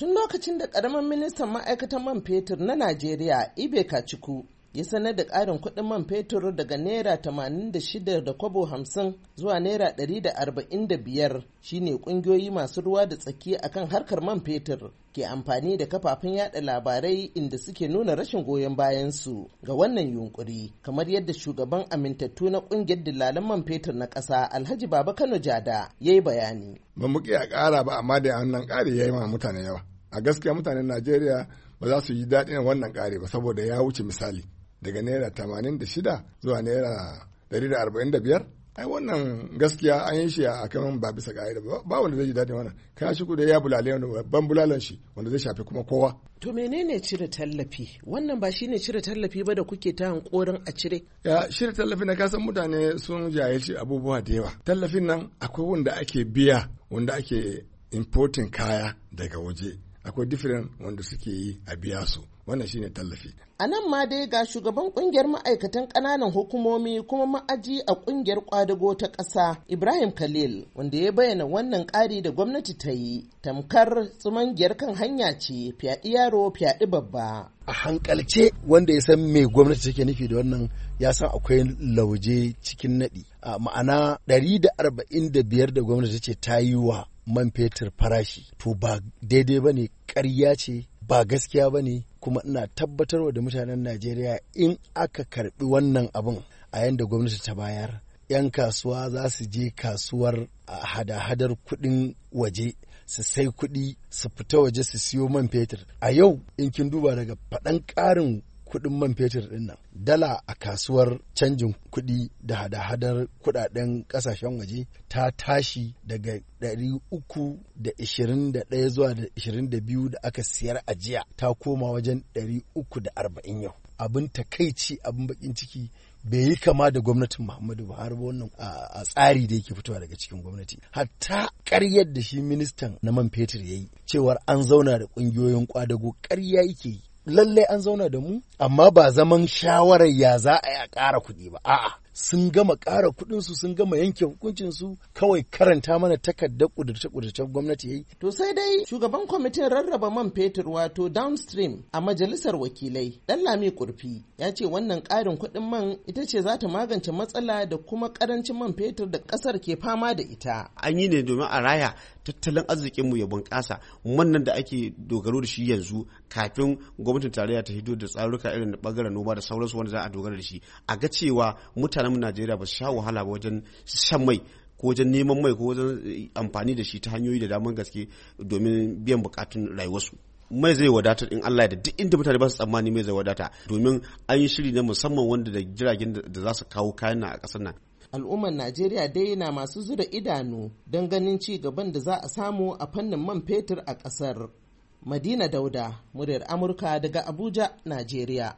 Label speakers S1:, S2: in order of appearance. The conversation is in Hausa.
S1: Tun lokacin da karamin ministan ma'aikatan man fetur na Najeriya Ibe ciku ya sanar da ƙarin kuɗin man fetur daga naira tamanin da kwabo hamsin zuwa naira ɗari da arba'in da biyar shine ƙungiyoyi masu ruwa da tsaki akan harkar man fetur ke amfani da kafafen yada labarai inda suke nuna rashin goyon bayansu ga wannan yunkuri kamar yadda shugaban amintattu na ƙungiyar dillalan man fetur na ƙasa alhaji baba kano jada ya yi bayani
S2: ba mu ƙara ba amma da hannun ƙari ya yi ma mutane yawa a gaskiya mutanen najeriya ba za su yi daɗin wannan ƙari ba saboda ya wuce misali daga naira tamanin da shida zuwa naira dari da arba'in da biyar ai wannan gaskiya an yi shi a kan ba bisa ka'ida ba wanda zai ji daɗin wannan ka shi da ya bulale wani babban bulalan shi wanda zai shafi kuma kowa to menene cire tallafi
S1: wannan ba shine cire tallafi ba da kuke ta hankorin a cire
S2: ya cire tallafi na kasan mutane sun jahilci abubuwa da yawa tallafin nan akwai wanda ake biya wanda ake importing kaya daga waje akwai different wanda suke yi a biya su wannan shine tallafi
S1: a nan ma dai ga shugaban kungiyar ma'aikatan kananan hukumomi kuma ma'aji a kungiyar kwadago ta ƙasa ibrahim khalil wanda ya bayyana wannan ƙari da gwamnati ta yi tamkar tsumangiyar kan hanya ce fyaɗi yaro fyaɗi babba
S3: a hankalce wanda ya san me gwamnati take nufi da wannan ya san akwai lauje cikin naɗi ma'ana 145 da gwamnati ce ta yi wa man fetur farashi to ba daidai ba ne ƙarya ce ba gaskiya ba ne kuma ina tabbatarwa da mutanen najeriya in aka karbi wannan abin a yadda gwamnati ta bayar 'yan kasuwa za su je kasuwar a hada-hadar kuɗin waje su sai kuɗi su fita waje su siyo man fetur a yau in kin duba daga faɗan ƙarin kuɗin man fetur din nan dala a kasuwar canjin kuɗi da hada-hadar kuɗaɗen ƙasashen waje ta tashi daga 321 zuwa 22 da aka siyar a jiya ta koma wajen 340 yau abin takaici abin bakin ciki bai yi kama da gwamnatin Muhammadu Buhari ba wannan a tsari da yake fitowa daga cikin gwamnati. Hatta karyar da shi ministan na man fetur ya yi cewar an zauna da ƙungiyoyin kwadago ƙarya yake yi. lallai an zauna da mu amma ba zaman shawarar ya za a yi a ƙara kuɗi ba a'a sun gama ƙara kuɗinsu sun gama yanke hukuncin
S1: su. kawai karanta mana takardar ƙudurce-ƙudurcen gwamnati yayi. To sai dai shugaban kwamitin rarraba man fetur wato downstream a majalisar wakilai ɗan lami kurfi ya ce wannan ƙarin kuɗin man ita ce za ta magance matsala da kuma ƙarancin man fetur da ƙasar ke fama da ita.
S4: An yi ne domin a raya tattalin arzikinmu ya bunƙasa wannan da ake dogaro da shi yanzu kafin gwamnatin tarayya ta hito da tsaruka irin bangaren noma da sauransu wanda za a dogara da shi a ga cewa mutanenmu najeriya ba su sha wahala ba wajen shan mai ko wajen neman mai ko wajen eh, amfani da shi ta hanyoyi da daman gaske domin biyan bukatun rayuwarsu mai zai wadatar in Allah da duk inda mutane ba su tsammani mai zai wadata domin an yi shiri na musamman wanda da jiragen da za su kawo kayan a kasar nan
S1: al'ummar najeriya dai na masu zura idanu don ganin ci gaban da za a samu a fannin man fetur a ƙasar madina dauda muryar amurka daga abuja najeriya